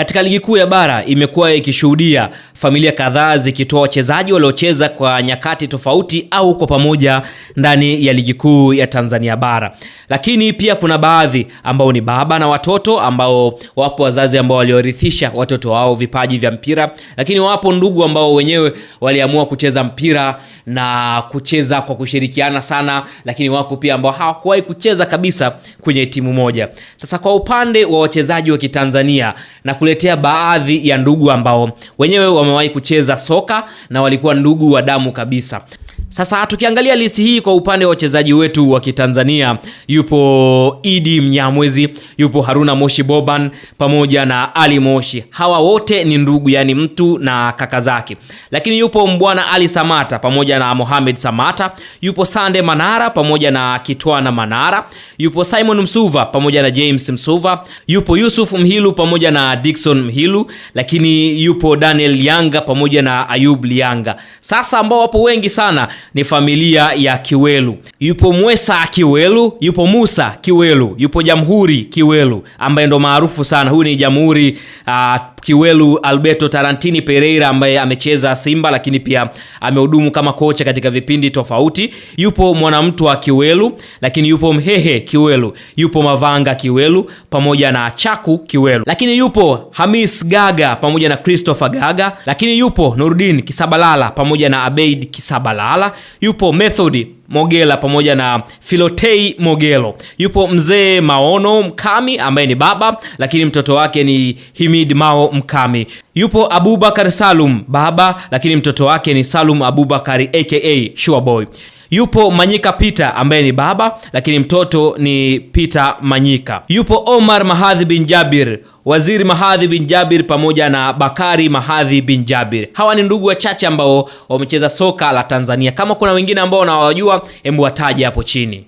Katika ligi kuu ya bara imekuwa ikishuhudia familia kadhaa zikitoa wachezaji waliocheza kwa nyakati tofauti au kwa pamoja ndani ya ligi kuu ya Tanzania bara, lakini pia kuna baadhi ambao ni baba na watoto, ambao wapo wazazi ambao waliorithisha watoto wao vipaji vya mpira, lakini wapo ndugu ambao wenyewe waliamua kucheza mpira na kucheza kwa kushirikiana sana, lakini wako pia ambao hawakuwahi kucheza kabisa kwenye timu moja. Sasa kwa upande wa wachezaji wa Kitanzania na kule kukuletea baadhi ya ndugu ambao wenyewe wamewahi kucheza soka na walikuwa ndugu wa damu kabisa. Sasa tukiangalia listi hii kwa upande wa wachezaji wetu wa Kitanzania, yupo Idi Mnyamwezi, yupo Haruna Moshi Boban pamoja na Ali Moshi. Hawa wote ni ndugu, yani mtu na kaka zake. Lakini yupo Mbwana Ali Samata pamoja na Mohamed Samata, yupo Sande Manara pamoja na Kitwana Manara, yupo Simon Msuva pamoja na James Msuva, yupo Yusuf Mhilu pamoja na Dickson Mhilu, lakini yupo Daniel Yanga pamoja na Ayub Lianga. Sasa ambao wapo wengi sana ni familia ya Kiwelu. Yupo Mwesa Kiwelu, yupo Musa Kiwelu, yupo Jamhuri Kiwelu ambaye ndo maarufu sana. Huyu ni Jamhuri uh, Kiwelu Alberto Tarantini Pereira ambaye amecheza Simba lakini pia amehudumu kama kocha katika vipindi tofauti. Yupo Mwanamtwa Kiwelu, lakini yupo Mhehe Kiwelu, yupo Mavanga Kiwelu pamoja na Chaku Kiwelu, lakini yupo Hamis Gaga pamoja na Christopher Gaga, lakini yupo Nurdin Kisabalala pamoja na Abeid Kisabalala yupo methodi Mogela pamoja na Filotei Mogelo, yupo mzee Maono Mkami ambaye ni baba, lakini mtoto wake ni Himid Mao Mkami, yupo Abubakar Salum baba, lakini mtoto wake ni Salum Abubakar aka Sure Boy. Yupo Manyika Peter ambaye ni baba lakini mtoto ni Peter Manyika. Yupo Omar Mahadhi bin Jabir, Waziri Mahadhi bin Jabir pamoja na Bakari Mahadhi bin Jabir. Hawa ni ndugu wachache ambao wamecheza soka la Tanzania. Kama kuna wengine ambao nawajua, hebu wataje hapo chini.